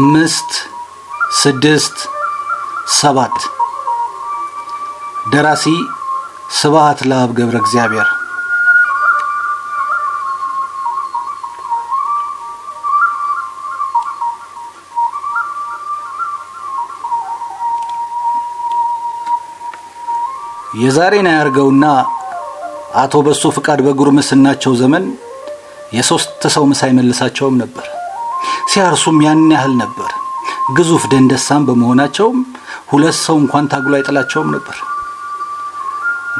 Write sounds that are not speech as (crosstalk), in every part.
አምስት ስድስት ሰባት ደራሲ ስብሐት ለአብ ገብረ እግዚአብሔር የዛሬን አያርገውና አቶ በሱ ፍቃድ በጉርምስናቸው ዘመን የሶስት ሰው ምሳ አይመልሳቸውም ነበር። ሲያርሱም ያን ያህል ነበር። ግዙፍ ደንደሳም በመሆናቸውም ሁለት ሰው እንኳን ታግሎ አይጥላቸውም ነበር።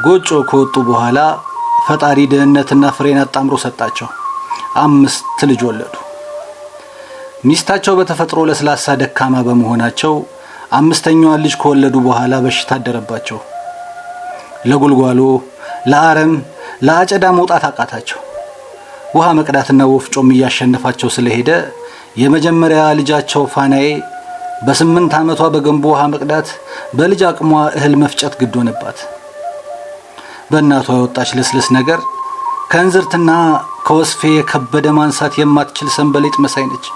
ጎጮ ከወጡ በኋላ ፈጣሪ ድህነትና ፍሬን አጣምሮ ሰጣቸው። አምስት ልጅ ወለዱ። ሚስታቸው በተፈጥሮ ለስላሳ ደካማ በመሆናቸው አምስተኛዋን ልጅ ከወለዱ በኋላ በሽታ አደረባቸው። ለጉልጓሎ፣ ለአረም፣ ለአጨዳ መውጣት አቃታቸው። ውሃ መቅዳትና ወፍጮም እያሸነፋቸው ስለሄደ የመጀመሪያ ልጃቸው ፋናዬ በስምንት ዓመቷ በገንቦ ውሃ መቅዳት በልጅ አቅሟ እህል መፍጨት ግድ ሆነባት። በእናቷ የወጣች ልስልስ ነገር ከእንዝርትና ከወስፌ የከበደ ማንሳት የማትችል ሰንበሌጥ መሳይ ነች።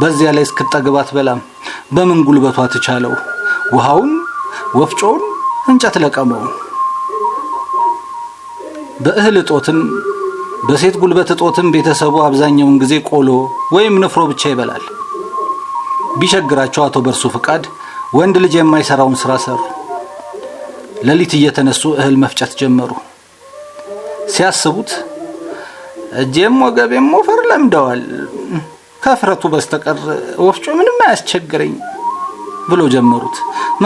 በዚያ ላይ እስክጠግባት በላም በምን ጉልበቷ ትቻለው? ውሃውን፣ ወፍጮውን፣ እንጨት ለቀመው በእህል እጦትም በሴት ጉልበት እጦትም ቤተሰቡ አብዛኛውን ጊዜ ቆሎ ወይም ንፍሮ ብቻ ይበላል። ቢቸግራቸው አቶ በርሱ ፍቃድ ወንድ ልጅ የማይሰራውን ስራ ሰሩ። ሌሊት እየተነሱ እህል መፍጨት ጀመሩ። ሲያስቡት እጄም ወገቤም ሞፈር ለምደዋል፣ ከፍረቱ በስተቀር ወፍጮ ምንም አያስቸግረኝ ብሎ ጀመሩት።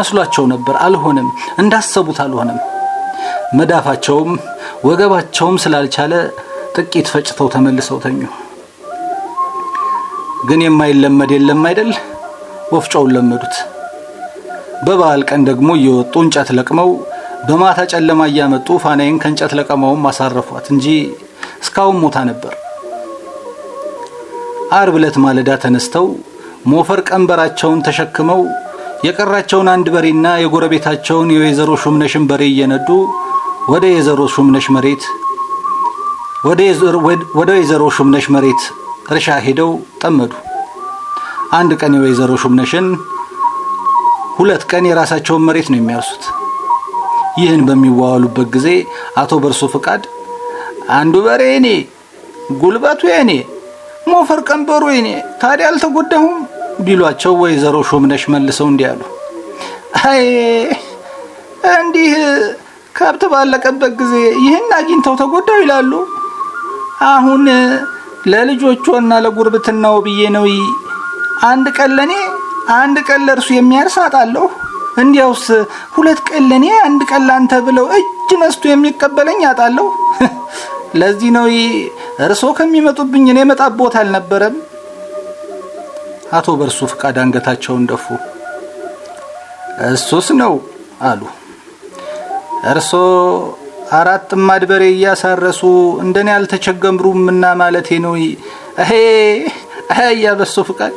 መስሏቸው ነበር፣ አልሆነም። እንዳሰቡት አልሆነም። መዳፋቸውም ወገባቸውም ስላልቻለ ጥቂት ፈጭተው ተመልሰው ተኙ። ግን የማይለመድ የለም አይደል? ወፍጮውን ለመዱት። በበዓል ቀን ደግሞ እየወጡ እንጨት ለቅመው በማታ ጨለማ እያመጡ ፋናይን ከእንጨት ለቀማውም አሳረፏት እንጂ እስካሁን ሞታ ነበር። አርብ ዕለት ማለዳ ተነስተው ሞፈር ቀንበራቸውን ተሸክመው የቀራቸውን አንድ በሬና የጎረቤታቸውን የወይዘሮ ሹምነሽን በሬ እየነዱ ወደ የዘሮ ሹምነሽ መሬት ወደ ወይዘሮ ሹምነሽ መሬት እርሻ ሄደው ጠመዱ። አንድ ቀን የወይዘሮ ሹምነሽን፣ ሁለት ቀን የራሳቸውን መሬት ነው የሚያርሱት። ይህን በሚዋዋሉበት ጊዜ አቶ በርሶ ፍቃድ አንዱ በሬ የኔ፣ ጉልበቱ የኔ፣ ሞፈር ቀንበሩ የኔ፣ ታዲያ አልተጎዳሁም ቢሏቸው ወይዘሮ ሹምነሽ መልሰው እንዲህ አሉ። አይ እንዲህ ከብት ባለቀበት ጊዜ ይህን አግኝተው ተጎዳው ይላሉ። አሁን ለልጆቿና ለጉርብትናው ብዬ ነው። አንድ ቀን ለኔ አንድ ቀን ለእርሱ የሚያርስ አጣለሁ። እንዲያውስ ሁለት ቀን ለኔ አንድ ቀን ላንተ ብለው እጅ ነስቶ የሚቀበለኝ አጣለሁ። (laughs) ለዚህ ነው እርሶ ከሚመጡብኝ እኔ መጣቦት አልነበረም። አቶ በርሱ ፍቃድ አንገታቸውን ደፉ። እሱስ ነው አሉ እርሶ አራት ጥማድ በሬ እያሳረሱ እንደኔ አልተቸገምሩምና ማለቴ ነው። እሄ አህያ በሶ ፍቃድ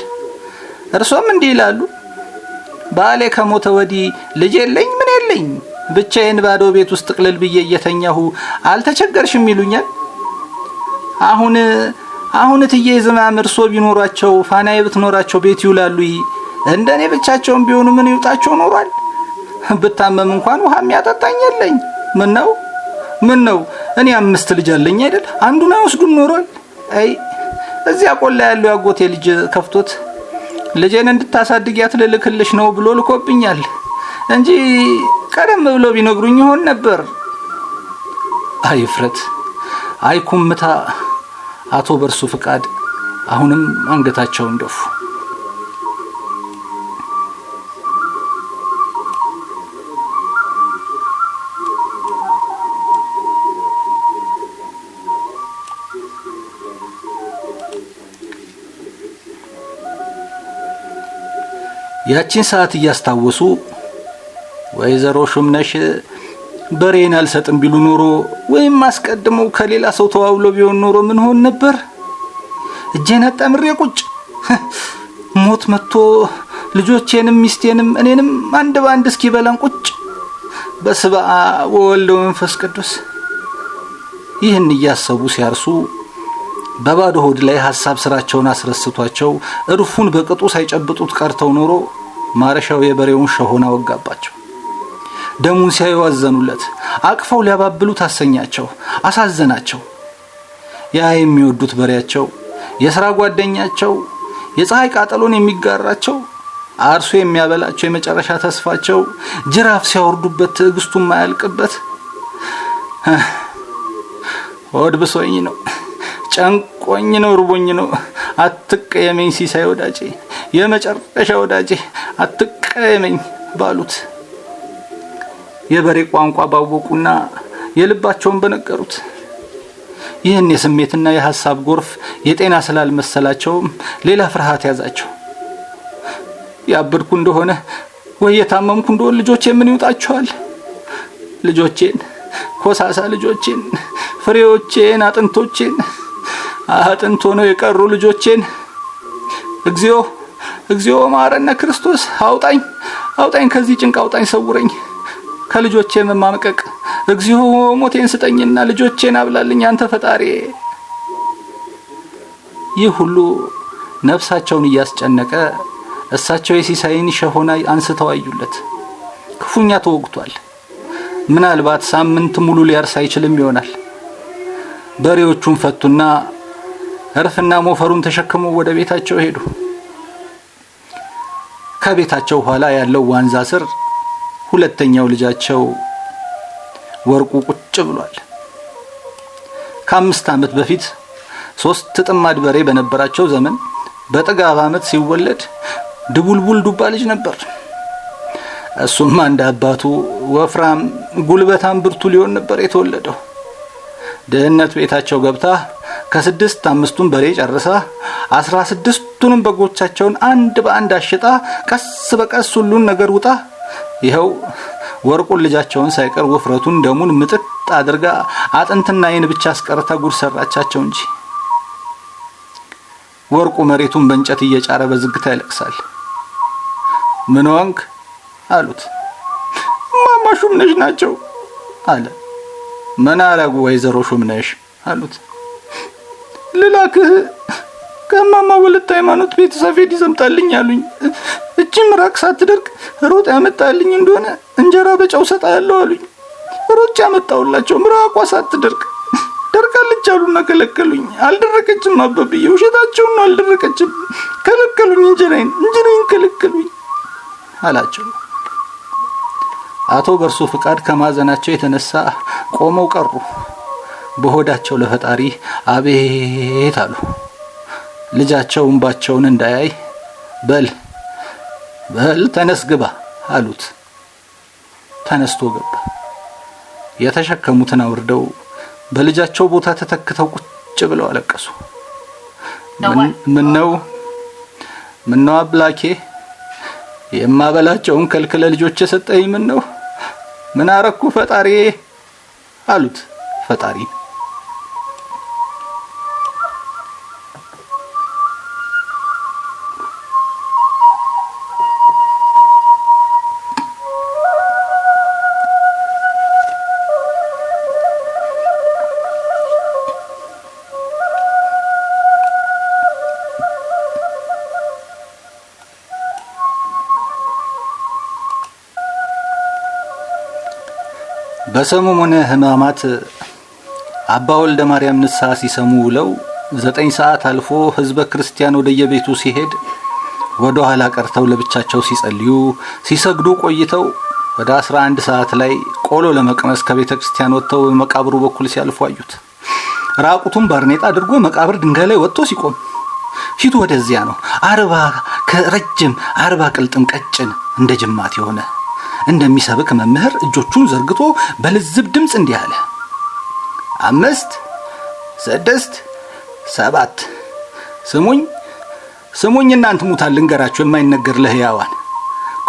እርሶም እንዲህ ይላሉ። ባሌ ከሞተ ወዲህ ልጅ የለኝ ምን የለኝ ብቻዬን ባዶ ቤት ውስጥ ጥቅልል ብዬ እየተኛሁ አልተቸገርሽም ይሉኛል። አሁን አሁን እትዬ ዝማም እርሶ ቢኖሯቸው ፋናዬ ብትኖራቸው ቤት ይውላሉ። እንደኔ ብቻቸውን ቢሆኑ ምን ይውጣቸው ኖሯል። ብታመም እንኳን ውሃ የሚያጠጣኝ የለኝ ምን ነው ምን ነው እኔ አምስት ልጅ አለኝ አይደል? አንዱን አይወስዱም ኖሯል። አይ እዚያ ቆላ ያለው ያጎቴ ልጅ ከፍቶት ልጄን እንድታሳድጊያት ልልክልሽ ነው ብሎ ልኮብኛል እንጂ ቀደም ብሎ ቢነግሩኝ ይሆን ነበር። አይ እፍረት፣ አይ ኩምታ። አቶ በርሱ ፍቃድ አሁንም አንገታቸውን ደፉ። ያቺን ሰዓት እያስታወሱ ወይዘሮ ሹምነሽ በሬን አልሰጥም ቢሉ ኖሮ ወይም አስቀድመው ከሌላ ሰው ተዋውሎ ቢሆን ኖሮ ምን ሆን ነበር? እጄን አጣምሬ ቁጭ ሞት መጥቶ ልጆቼንም ሚስቴንም እኔንም አንድ በአንድ በላን ቁጭ። በስባ ወወልድ ወመንፈስ ቅዱስ። ይህን እያሰቡ ሲያርሱ በባዶ ሆድ ላይ ሀሳብ ስራቸውን አስረስቷቸው እርፉን በቅጡ ሳይጨብጡት ቀርተው ኖሮ ማረሻው የበሬውን ሸሆና ወጋባቸው። ደሙን ሲያዩ አዘኑለት። አቅፈው ሊያባብሉ ታሰኛቸው፣ አሳዘናቸው። ያ የሚወዱት በሬያቸው፣ የሥራ ጓደኛቸው፣ የፀሐይ ቃጠሎን የሚጋራቸው፣ አርሶ የሚያበላቸው የመጨረሻ ተስፋቸው፣ ጅራፍ ሲያወርዱበት ትዕግስቱ የማያልቅበት ሆድ ብሶኝ ነው፣ ጨንቆኝ ነው፣ ርቦኝ ነው፣ አትቀየመኝ ሲሳይ ወዳጄ የመጨረሻ ወዳጄ አትቀየመኝ ባሉት የበሬ ቋንቋ ባወቁና የልባቸውን በነገሩት ይህን የስሜትና የሀሳብ ጎርፍ የጤና ስላልመሰላቸውም ሌላ ፍርሃት ያዛቸው። ያበድኩ እንደሆነ ወይ የታመምኩ እንደሆነ ልጆቼ ምን ይውጣቸዋል? ልጆቼን፣ ኮሳሳ ልጆቼን፣ ፍሬዎቼን፣ አጥንቶቼን አጥንቶ ነው የቀሩ ልጆቼን እግዚኦ እግዚኦ ማረነ ክርስቶስ አውጣኝ አውጣኝ ከዚህ ጭንቅ አውጣኝ ሰውረኝ ከልጆቼ መማመቀቅ እግዚኦ ሞቴን ስጠኝና ልጆቼን አብላልኝ አንተ ፈጣሪ ይህ ሁሉ ነፍሳቸውን እያስጨነቀ እሳቸው የሲሳይን ሸሆና አንስተው አዩለት ክፉኛ ተወግቷል ምናልባት ሳምንት ሙሉ ሊያርስ አይችልም ይሆናል በሬዎቹን ፈቱና እርፍና ሞፈሩን ተሸክመው ወደ ቤታቸው ሄዱ ከቤታቸው ኋላ ያለው ዋንዛ ስር ሁለተኛው ልጃቸው ወርቁ ቁጭ ብሏል። ከአምስት ዓመት በፊት ሶስት ጥማድ በሬ በነበራቸው ዘመን በጥጋብ ዓመት ሲወለድ ድቡልቡል ዱባ ልጅ ነበር። እሱም አንድ አባቱ ወፍራም ጉልበታም ብርቱ ሊሆን ነበር የተወለደው። ድህነት ቤታቸው ገብታ ከስድስት አምስቱን በሬ ጨርሳ አስራ ስድስቱ ሁለቱንም በጎቻቸውን አንድ በአንድ አሽጣ ቀስ በቀስ ሁሉን ነገር ውጣ ይኸው ወርቁን ልጃቸውን ሳይቀር ውፍረቱን ደሙን ምጥጥ አድርጋ አጥንትና አይን ብቻ አስቀርታ ጉድ ሰራቻቸው እንጂ ወርቁ መሬቱን በእንጨት እየጫረ በዝግታ ይለቅሳል። ምን ዋንክ አሉት። ማማ ሹምነሽ ናቸው አለ። ምን አረጉ ወይዘሮ ሹምነሽ አሉት። ልላክህ ከእማማ ወለተ ሃይማኖት ቤተሰፌድ ይዘምጣልኝ አሉኝ። እቺም ምራቅ ሳትደርቅ ሮጥ ያመጣልኝ እንደሆነ እንጀራ በጨው ሰጣለሁ አሉኝ። ሮጭ ያመጣውላቸው ምራቋ ሳትደርቅ ደርቃለች አሉና ከለከሉኝ። አልደረቀችም አባብዬ፣ ውሸታቸውን ነው አልደረቀችም። ከለከሉኝ፣ እንጀራይን እንጀራይን ከለከሉኝ አላቸው። አቶ በርሱ ፍቃድ ከማዘናቸው የተነሳ ቆመው ቀሩ። በሆዳቸው ለፈጣሪ አቤት አሉ። ልጃቸው እንባቸውን እንዳያይ በል በል ተነስ ግባ አሉት። ተነስቶ ገባ። የተሸከሙትን አውርደው በልጃቸው ቦታ ተተክተው ቁጭ ብለው አለቀሱ። ምነው ምነው አብላኬ የማበላቸውን ከልክለ ልጆች የሰጠኝ ምን ነው? ምን አረኩ ፈጣሪ አሉት ፈጣሪ በሰሙነ ሕማማት አባ ወልደ ማርያም ንስሐ ሲሰሙ ውለው ዘጠኝ ሰዓት አልፎ ህዝበ ክርስቲያን ወደየቤቱ ሲሄድ ወደ ኋላ ቀርተው ለብቻቸው ሲጸልዩ ሲሰግዱ ቆይተው ወደ 11 ሰዓት ላይ ቆሎ ለመቅመስ ከቤተ ክርስቲያን ወጥተው በመቃብሩ በኩል ሲያልፉ አዩት። ራቁቱን ባርኔጣ አድርጎ መቃብር ድንጋይ ላይ ወጥቶ ሲቆም ፊቱ ወደዚያ ነው። አርባ ከረጅም አርባ ቅልጥም ቀጭን እንደ ጅማት የሆነ እንደሚሰብክ መምህር እጆቹን ዘርግቶ በልዝብ ድምፅ እንዲህ አለ። አምስት፣ ስድስት፣ ሰባት። ስሙኝ ስሙኝ፣ እናንት ሙታን ልንገራችሁ የማይነገር ለህያዋን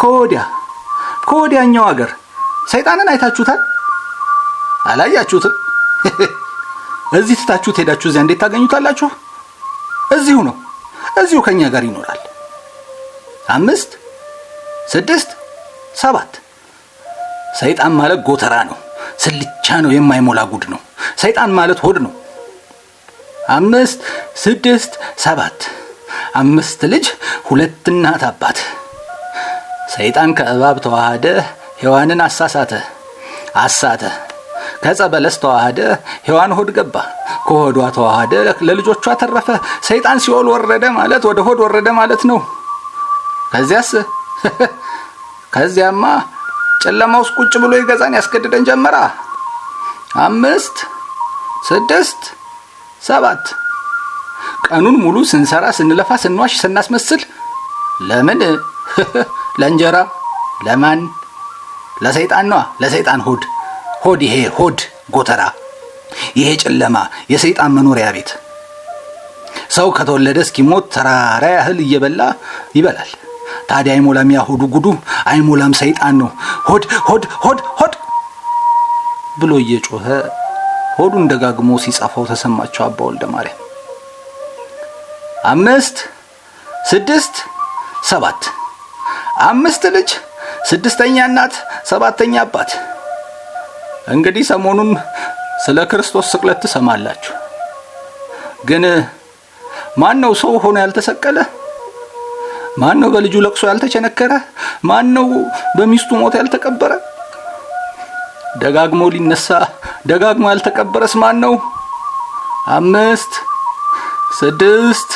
ከወዲያ ከወዲያኛው አገር ሰይጣንን አይታችሁታል? አላያችሁትም? (laughs) እዚህ ትታችሁት ሄዳችሁ እዚያ እንዴት ታገኙታላችሁ? እዚሁ ነው፣ እዚሁ ከኛ ጋር ይኖራል። አምስት ስድስት ሰባት ሰይጣን ማለት ጎተራ ነው፣ ስልቻ ነው፣ የማይሞላ ጉድ ነው። ሰይጣን ማለት ሆድ ነው። አምስት ስድስት ሰባት አምስት ልጅ ሁለት እናት አባት። ሰይጣን ከእባብ ተዋሃደ፣ ሔዋንን አሳሳተ አሳተ። ከጸበለስ ተዋሃደ፣ ሔዋን ሆድ ገባ። ከሆዷ ተዋሃደ፣ ለልጆቿ ተረፈ። ሰይጣን ሲኦል ወረደ ማለት ወደ ሆድ ወረደ ማለት ነው። ከዚያስ (laughs) ከዚያማ ጨለማ ውስጥ ቁጭ ብሎ ይገዛን ያስገድደን ጀመራ። አምስት ስድስት ሰባት ቀኑን ሙሉ ስንሰራ፣ ስንለፋ፣ ስንዋሽ፣ ስናስመስል ለምን? (laughs) ለእንጀራ። ለማን? ለሰይጣን ነዋ። ለሰይጣን ሆድ ሆድ። ይሄ ሆድ ጎተራ፣ ይሄ ጨለማ የሰይጣን መኖሪያ ቤት። ሰው ከተወለደ እስኪሞት ተራራ ያህል እየበላ ይበላል። ታዲያ አይሞላም ያሆዱ ጉዱ አይሞላም ሰይጣን ነው ሆድ ሆድ ሆድ ሆድ ብሎ እየጮኸ ሆዱን ደጋግሞ ሲጻፋው ተሰማቸው አባ ወልደ ማርያም። አምስት ስድስት ሰባት አምስት ልጅ ስድስተኛ እናት ሰባተኛ አባት። እንግዲህ ሰሞኑን ስለ ክርስቶስ ስቅለት ትሰማላችሁ። ግን ማን ነው ሰው ሆኖ ያልተሰቀለ? ማን ነው በልጁ ለቅሶ ያልተቸነከረ? ማን ነው በሚስቱ ሞት ያልተቀበረ? ደጋግሞ ሊነሳ ደጋግሞ ያልተቀበረስ ማን ነው? አምስት፣ ስድስት፣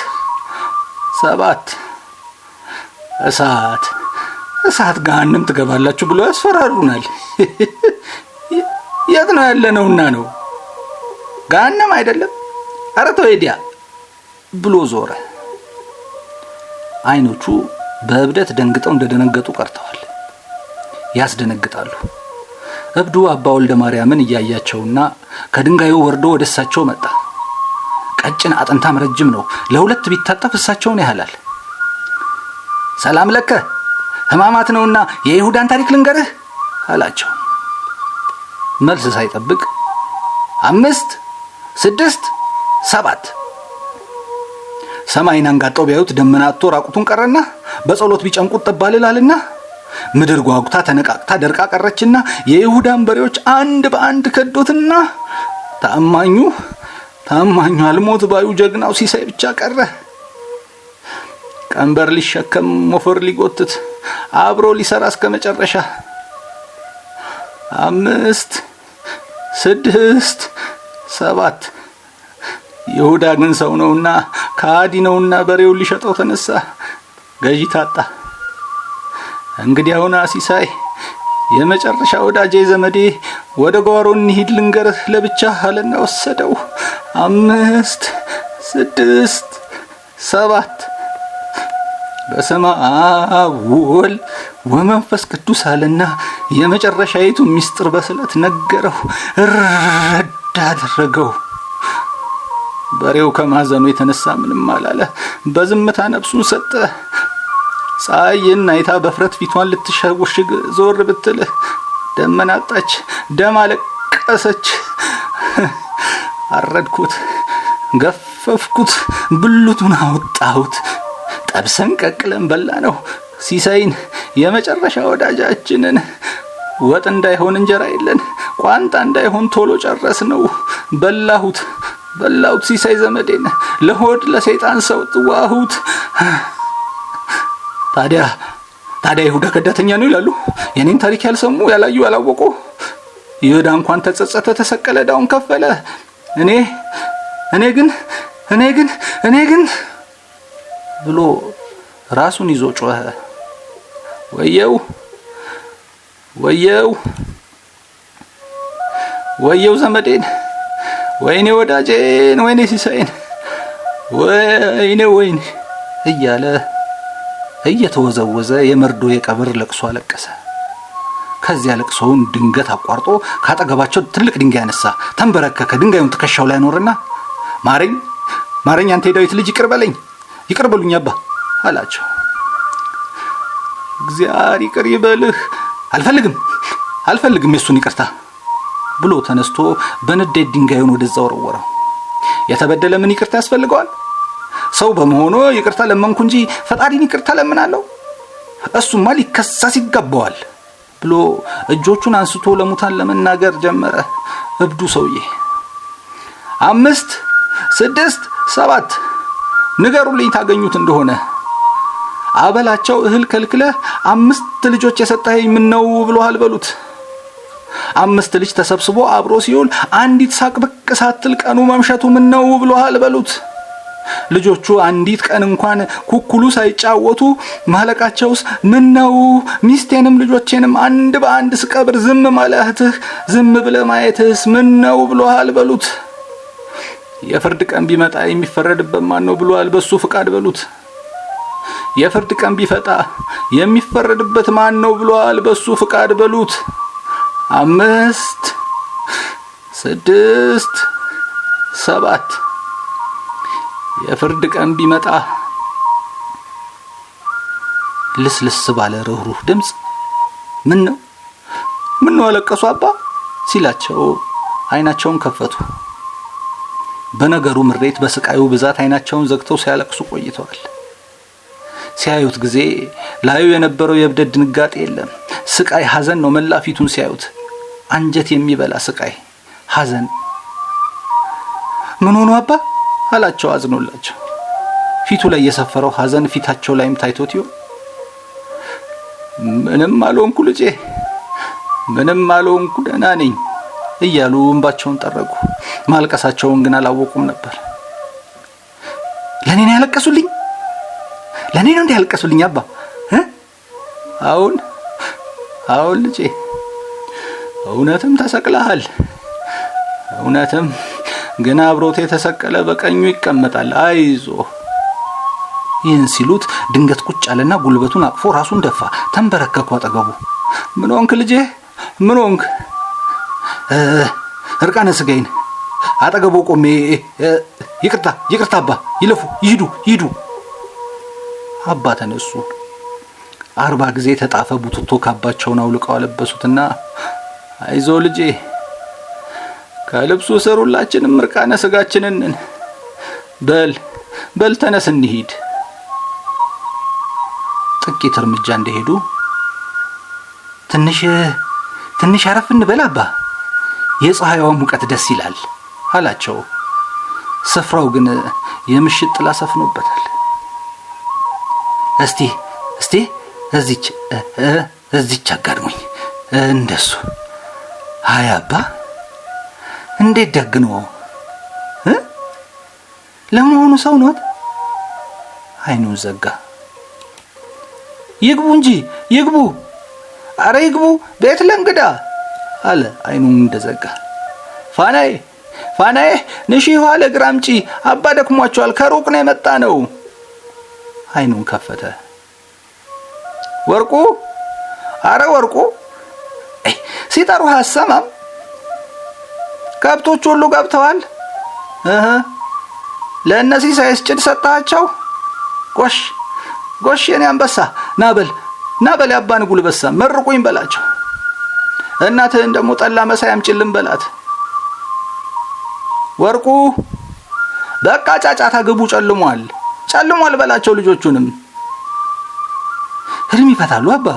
ሰባት። እሳት እሳት ገሃንም ትገባላችሁ ብሎ ያስፈራሩናል። (laughs) የት ነው ያለነውና ነው? ገሃነም አይደለም። አረ ተው ሄዲያ ብሎ ዞረ። አይኖቹ በእብደት ደንግጠው እንደደነገጡ ቀርተዋል። ያስደነግጣሉ። እብዱ አባ ወልደ ማርያምን እያያቸውና ከድንጋዩ ወርዶ ወደ እሳቸው መጣ። ቀጭን አጥንታም ረጅም ነው። ለሁለት ቢታጠፍ እሳቸውን ያህላል። ሰላም ለከ ሕማማት ነውና የይሁዳን ታሪክ ልንገርህ አላቸው። መልስ ሳይጠብቅ አምስት ስድስት ሰባት ሰማይን አንጋጠው ቢያዩት ደመና አጥቶ ራቁቱን ቀረና በጸሎት ቢጨንቁት ጠባልላልና ምድር ጓጉታ ተነቃቅታ ደርቃ ቀረችና የይሁዳን በሬዎች አንድ በአንድ ከዶትና ታማኙ ታማኙ አልሞት ባዩ ጀግናው ሲሳይ ብቻ ቀረ። ቀንበር ሊሸከም ሞፈር ሊጎትት አብሮ ሊሰራ እስከ መጨረሻ አምስት ስድስት ሰባት ይሁዳ ግን ሰው ነውና ከሃዲ ነውና በሬውን ሊሸጠው ተነሳ፣ ገዢ ታጣ። እንግዲህ አሁን አሲሳይ የመጨረሻ ወዳጄ ዘመዴ ወደ ጓሮ እንሂድ ልንገርህ ለብቻ አለና ወሰደው። አምስት ስድስት ሰባት በስመ አብ ወወልድ ወመንፈስ ቅዱስ አለና የመጨረሻይቱ ሚስጥር በስለት ነገረው፣ ረዳ አደረገው። በሬው ከማዘኑ የተነሳ ምንም አላለ። በዝምታ ነፍሱን ሰጠ። ፀሐይ አይታ በፍረት ፊቷን ልትሸውሽግ ዞር ብትል ደመና አጣች። ደም አለቀሰች። አረድኩት፣ ገፈፍኩት፣ ብልቱን አወጣሁት። ጠብሰን ቀቅለን በላ ነው ሲሳይን የመጨረሻ ወዳጃችንን። ወጥ እንዳይሆን እንጀራ የለን፣ ቋንጣ እንዳይሆን ቶሎ ጨረስ ነው። በላሁት በላውት ሲሳይ ዘመዴን ለሆድ ለሰይጣን ሰው ጥዋሁት። ታዲያ ታዲያ ይሁዳ ከዳተኛ ነው ይላሉ የኔን ታሪክ ያልሰሙ ያላዩ ያላወቁ። ይሁዳ እንኳን ተጸጸተ፣ ተሰቀለ፣ ዳውን ከፈለ። እኔ እኔ ግን እኔ ግን እኔ ግን ብሎ ራሱን ይዞ ጮኸ። ወየው ወየው ወየው ዘመዴን ወይኔ ወዳጄን፣ ወይኔ ሲሳይን፣ ወይኔ ወይኔ እያለ እየተወዘወዘ የመርዶ የቀብር ለቅሶ አለቀሰ። ከዚያ ለቅሶውን ድንገት አቋርጦ ካጠገባቸው ትልቅ ድንጋይ አነሳ። ተንበረከከ። ድንጋዩን ትከሻው ላይ አኖርና ማረኝ ማረኝ፣ አንተ የዳዊት ልጅ ይቅር በለኝ፣ ይቅር በሉኝ አባ አላቸው። እግዚአብሔር ይቅር ይበልህ። አልፈልግም አልፈልግም የሱን ይቅርታ ብሎ ተነስቶ በንዴት ድንጋዩን ወደዛ ወረወረው። የተበደለ ምን ይቅርታ ያስፈልገዋል? ሰው በመሆኑ ይቅርታ ለመንኩ እንጂ ፈጣሪን ይቅርታ ለምናለው? እሱማ ሊከሳስ ይገባዋል ብሎ እጆቹን አንስቶ ለሙታን ለመናገር ጀመረ። እብዱ ሰውዬ አምስት፣ ስድስት፣ ሰባት ንገሩልኝ ታገኙት እንደሆነ አበላቸው እህል ከልክለህ አምስት ልጆች የሰጠኸኝ ምነው ብሎሃል በሉት። አምስት ልጅ ተሰብስቦ አብሮ ሲውል አንዲት ሳቅ ብቅ ሳትል ቀኑ መምሸቱ ምን ነው ብሎሃል በሉት። ልጆቹ አንዲት ቀን እንኳን ኩኩሉ ሳይጫወቱ ማለቃቸውስ ምን ነው? ሚስቴንም ልጆቼንም አንድ በአንድ ስቀብር ዝም ማለትህ ዝም ብለ ማየትህስ ምን ነው ብሎሃል በሉት። የፍርድ ቀን ቢመጣ የሚፈረድበት ማን ነው ብሎሃል በሱ ፍቃድ በሉት። የፍርድ ቀን ቢፈጣ የሚፈረድበት ማን ነው ብሎሃል በሱ ፍቃድ በሉት። አምስት፣ ስድስት፣ ሰባት የፍርድ ቀን ቢመጣ ልስልስ ባለ ርኅሩህ ድምፅ ምን ነው ምን ነው አለቀሱ አባ ሲላቸው አይናቸውን ከፈቱ። በነገሩ ምሬት፣ በስቃዩ ብዛት አይናቸውን ዘግተው ሲያለቅሱ ቆይተዋል። ሲያዩት ጊዜ ላዩ የነበረው የእብደት ድንጋጤ የለም። ስቃይ፣ ሀዘን ነው መላፊቱን ሲያዩት አንጀት የሚበላ ስቃይ፣ ሐዘን። ምን ሆኖ አባ አላቸው አዝኖላቸው። ፊቱ ላይ የሰፈረው ሐዘን ፊታቸው ላይም ታይቶት ይሆን? ምንም አልሆንኩ ልጄ፣ ምንም አልሆንኩ ደህና ነኝ እያሉ እንባቸውን ጠረጉ። ማልቀሳቸውን ግን አላወቁም ነበር። ለእኔ ነው ያለቀሱልኝ፣ ለእኔ ነው እንዲህ ያለቀሱልኝ አባ። አሁን አሁን ልጄ እውነትም ተሰቅለሃል። እውነትም ግን አብሮት የተሰቀለ በቀኙ ይቀመጣል። አይዞ ይህን ሲሉት ድንገት ቁጭ አለና ጉልበቱን አቅፎ ራሱን ደፋ። ተንበረከኩ አጠገቡ። ምን ሆንክ ልጄ? ምን ሆንክ? እርቃነ ስጋይን አጠገቡ ቆሜ ይቅርታ፣ ይቅርታ አባ፣ ይለፉ፣ ይሂዱ፣ ይሂዱ። አባ ተነሱ። አርባ ጊዜ ተጣፈ ቡትቶ ካባቸውን አውልቀው አለበሱትና አይዞ ልጄ፣ ከልብሱ ስር ሁላችንም ምርቃነ ስጋችንን በል በል ተነስ እንሂድ። ጥቂት እርምጃ እንደሄዱ ትንሽ ትንሽ አረፍ እንበል አባ፣ የፀሐይዋ ሙቀት ደስ ይላል አላቸው። ስፍራው ግን የምሽት ጥላ ሰፍኖበታል። እስቲ እስቲ እዚች እዚች አጋድሞኝ እንደሱ አይ አባ እንዴት ደግ ነው! ለመሆኑ ሰው ኖት? አይኑን ዘጋ። ይግቡ እንጂ ይግቡ፣ አረ ይግቡ፣ ቤት ለእንግዳ አለ። አይኑን እንደዘጋ ፋናዬ ፋናዬ ንሺ ውሃ ለእግር አምጪ፣ አባ ደክሟቸዋል፣ ከሩቅ ነው የመጣ ነው። አይኑን ከፈተ። ወርቁ አረ ወርቁ ሲጠሩ አሰማም። ከብቶች ሁሉ ገብተዋል። ለእነዚህ ለእነዚህ ሳይስጭድ ሰጣቸው። ጎሽ ጎሽ፣ የኔ አንበሳ ናበል ናበል፣ ያባን ጉልበሳ መርቁኝ በላቸው። እናትህን ደግሞ ጠላ መሳይ አምጪልን በላት። ወርቁ በቃ ጫጫታ ግቡ፣ ጨልሟል ጨልሟል በላቸው። ልጆቹንም ህልም ይፈታሉ አባ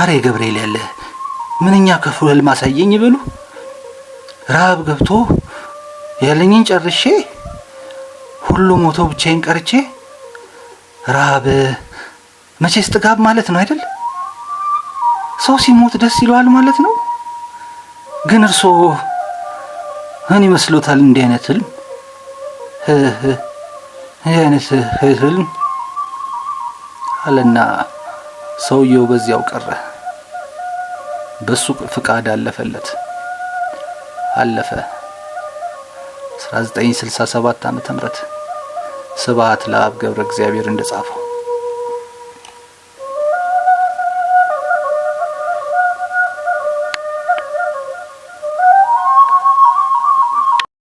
አረ ገብርኤል ያለ ምንኛ ክፉ ህልም አሳየኝ ይበሉ? ረሃብ ገብቶ ያለኝን ጨርሼ ሁሉ ሞቶ ብቻዬን ቀርቼ ረሃብ መቼስ ጥጋብ ማለት ነው አይደል? ሰው ሲሞት ደስ ይለዋል ማለት ነው። ግን እርሶ ምን ይመስሎታል? እንዲህ አይነት ህልም እንዲህ አይነት ህልም አለና ሰውየው በዚያው ቀረ። በሱ ፍቃድ አለፈለት አለፈ። 1967 ዓ.ም ስብሐት ለአብ ገብረ እግዚአብሔር እንደጻፈው